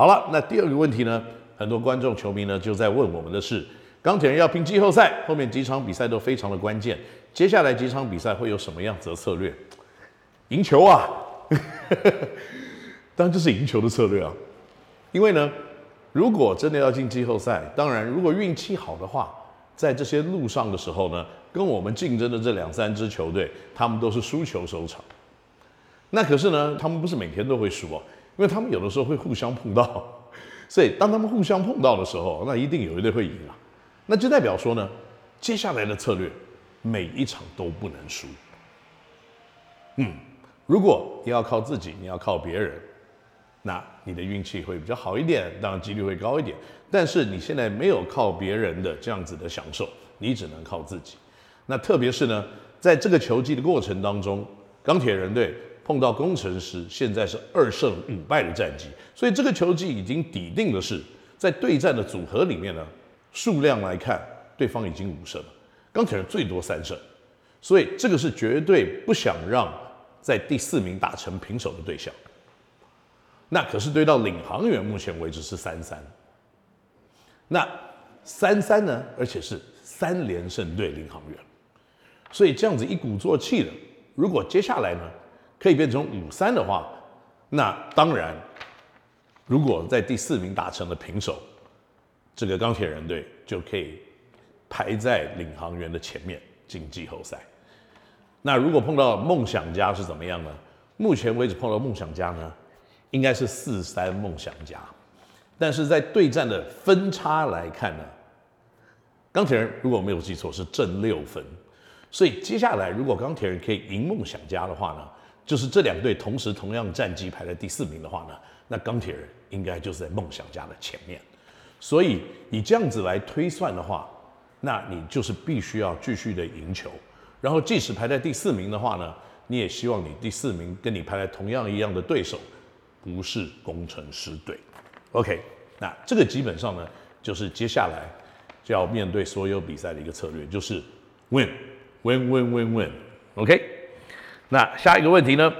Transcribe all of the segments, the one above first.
好了，那第二個問題呢？很多觀眾、球迷呢就在問我們的是：鋼鐵人要拼季後賽，後面幾場比賽都非常的關鍵。接下來幾場比賽會有什麼樣子的策略？贏球啊！ 當然這是贏球的策略啊。因為呢，如果真的要進季後賽，當然如果運氣好的話，在這些路上的時候呢，跟我們競爭的這兩三支球隊，他們都是輸球收場。那可是呢，他們不是每天都會輸啊、哦。因為他們有的時候會互相碰到，所以當他們互相碰到的時候，那一定有一隊會贏啊。那就代表說呢，接下來的策略每一場都不能輸。嗯，如果你要靠自己，你要靠別人，那你的運氣會比較好一點，當然機率會高一點。但是你現在沒有靠別人的這樣子的享受，你只能靠自己。那特別是呢，在這個球季的過程當中，鋼鐵人隊。碰到攻城獅，現在是二勝五敗的戰績，所以這個球季已經底定的是，在對戰的組合裡面呢，數量來看，對方已經五勝了，鋼鐵人最多三勝，所以這個是絕對不想讓在第四名打成平手的對象。那可是對到領航猿，目前為止是三三。那三三呢，而且是三連勝對領航猿，所以這樣子一鼓作氣的，如果接下來呢？可以變成五三的話，那當然，如果在第四名打成了平手，這個鋼鐵人隊就可以排在領航員的前面進季後賽。那如果碰到夢想家是怎麼樣呢？目前為止碰到夢想家呢，應該是四三夢想家，但是在對戰的分差來看呢，鋼鐵人如果沒有記錯是正六分，所以接下來如果鋼鐵人可以贏夢想家的話呢？就是這兩隊，同時同樣戰績排在第四名的話呢，那鋼鐵人應該就是在夢想家的前面，所以以這樣子來推算的話，那你就是必須要繼續的贏球，然後即使排在第四名的話呢，你也希望你第四名跟你排在同樣一樣的對手，不是工程師隊。OK，那這個基本上呢，就是接下來就要面對所有比賽的一個策略，就是 Win，Win，Win，Win，Win win。Win, win, win, OK。那下一個問題呢？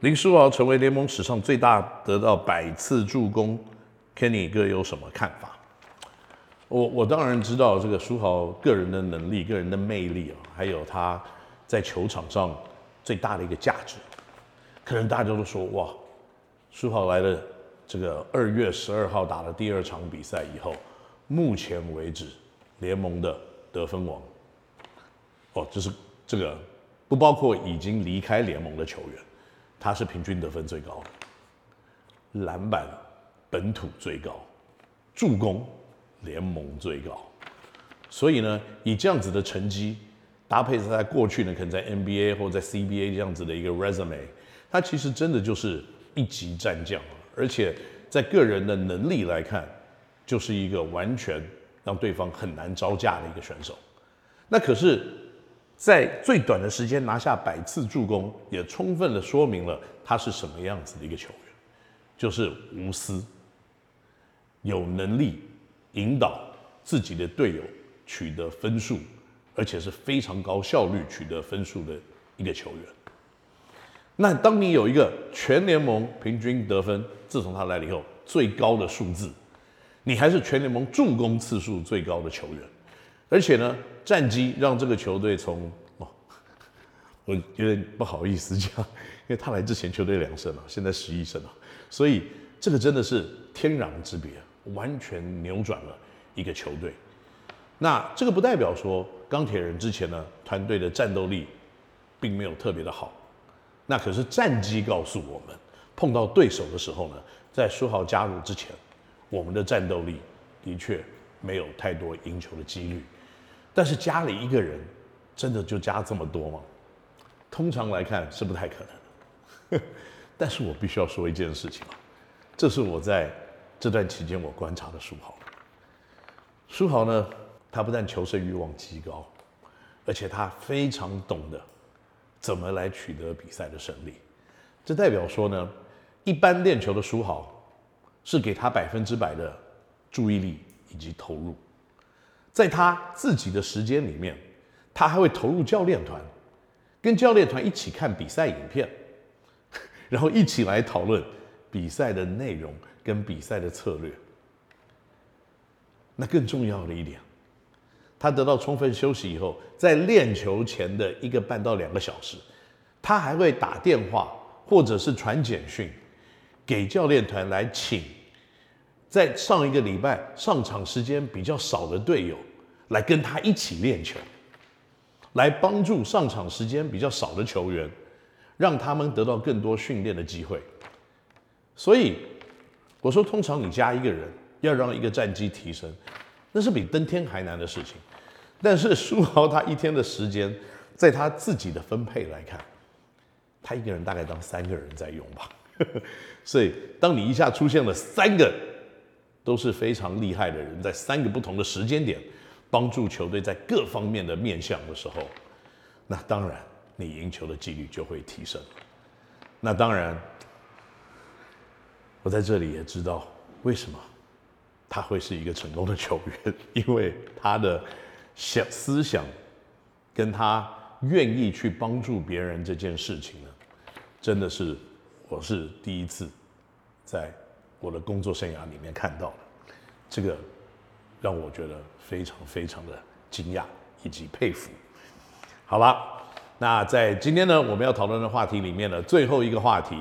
林書豪成為聯盟史上最大得到百次助攻，Kenny 哥有什麼看法？我我當然知道這個書豪個人的能力、個人的魅力啊，還有他在球場上最大的一個價值。可能大家都說哇，書豪來了，這個二月十二號打了第二場比賽以後，目前為止聯盟的得分王哦，就是這個。不包括已經離開聯盟的球員，他是平均得分最高的，籃板本土最高，助攻聯盟最高，所以呢，以這樣子的成績搭配在過去呢，可能在 NBA 或在 CBA 這樣子的一個 resume，他其實真的就是一級戰將，而且在個人的能力來看，就是一個完全讓對方很難招架的一個選手，那可是。在最短的時間拿下百次助攻，也充分的說明了他是什麼樣子的一個球員，就是無私，有能力引導自己的隊友取得分數，而且是非常高效率取得分數的一個球員。那當你有一個全聯盟平均得分，自從他來了以後最高的數字，你還是全聯盟助攻次數最高的球員。而且呢，戰績，讓這個球隊從，哦，我有點不好意思講，因為他來之前球隊兩勝了，現在十一勝了，所以這個真的是天壤之別，完全扭轉了一個球隊。那這個不代表說鋼鐵人之前呢，團隊的戰鬥力並沒有特別的好。那可是戰績告訴我們，碰到對手的時候呢，在書豪加入之前，我們的戰鬥力的確沒有太多贏球的幾率。.但是家裡一個人，真的就加這麼多嗎？通常來看是不太可能的。呵，但是我必須要說一件事情，這是我在這段期間我觀察的書豪。書豪呢，他不但求勝慾望極高，而且他非常懂得怎麼來取得比賽的勝利。這代表說呢，一般練球的書豪，是給他百分之百的注意力以及投入。在他自己的時間裡面，他還會投入教練團，跟教練團一起看比賽影片，然後一起來討論比賽的內容跟比賽的策略。那更重要的一點，他得到充分休息以後，在練球前的一個半到兩個小時，他還會打電話或者是傳簡訊給教練團來請在上一個禮拜上場時間比較少的隊友。來跟他一起練球，來幫助上場時間比較少的球員，讓他們得到更多訓練的機會。所以我說，通常你加一個人，要讓一個戰績提升，那是比登天還難的事情。但是書豪他一天的時間，在他自己的分配來看，他一個人大概當三個人在用吧。 所以當你一下出現了三個都是非常厲害的人，在三個不同的時間點。幫助球隊在各方面的面向的時候，那當然你贏球的幾率就會提升。那當然，我在這裡也知道為什麼他會是一個成功的球員，因為他的想思想跟他願意去幫助別人這件事情呢，真的是我是第一次在我的工作生涯裡面看到了這個。讓我覺得非常非常的驚訝以及佩服。好了，那在今天呢，我們要討論的話題裡面呢，最後一個話題，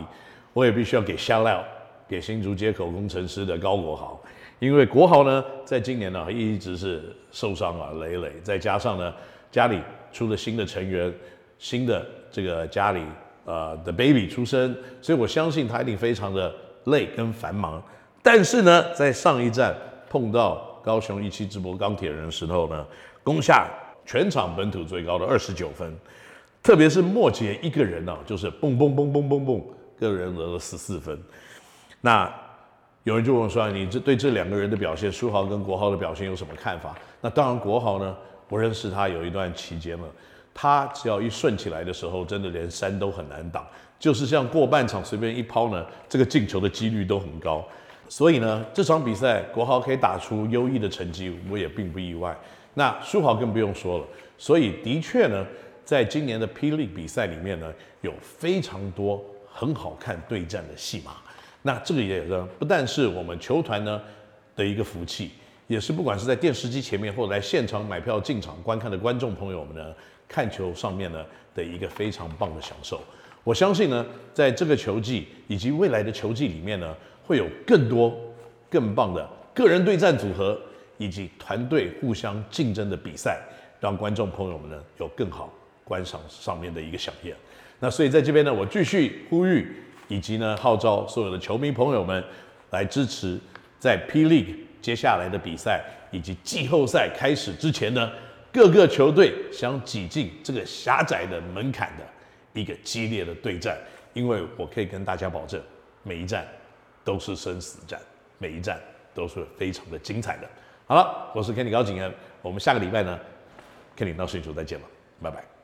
我也必須要給 shout out，給新竹街口攻城獅的高國豪，因為國豪呢，在今年呢一直是受傷啊累累，再加上呢家裡出了新的成員，新的這個家裡呃的 baby 出生，所以我相信他一定非常的累跟繁忙，但是呢，在上一站碰到。高雄一七直播鋼鐵人的時候呢，攻下全場本土最高的二十九分，特別是末節一個人呢、啊，就是蹦蹦蹦蹦蹦蹦，個人得了十四分。那有人就問說、啊，你這對這兩個人的表現，書豪跟國豪的表現有什麼看法？那當然，國豪呢，我認識他有一段期間了，他只要一順起來的時候，真的連山都很難擋，就是像過半場隨便一拋呢，這個進球的幾率都很高。所以呢，這場比賽國豪可以打出優異的成績，我也並不意外。那書豪更不用說了。所以的確呢，在今年的 P. League 比賽裡面呢，有非常多很好看對戰的戲碼。那這個也呢，不但是我們球團呢的一個福氣，也是不管是在電視機前面，或者在現場買票進場觀看的觀眾朋友們呢，看球上面呢的一個非常棒的享受。我相信呢，在這個球季以及未來的球季裡面呢，會有更多更棒的個人對戰組合，以及團隊互相競爭的比賽，讓觀眾朋友們呢有更好觀賞上面的一個饗宴。那所以在這邊呢，我繼續呼籲以及呢號召所有的球迷朋友們來支持，在 P League 接下來的比賽以及季後賽開始之前呢，各個球隊想擠進這個狹窄的門檻的。一個激烈的對戰，因為我可以跟大家保證，每一戰都是生死戰，每一戰都是非常的精彩的。好了，我是 Kenny 高景炎，我們下個禮拜呢 ，Kenny NOW 星球再見了，拜拜。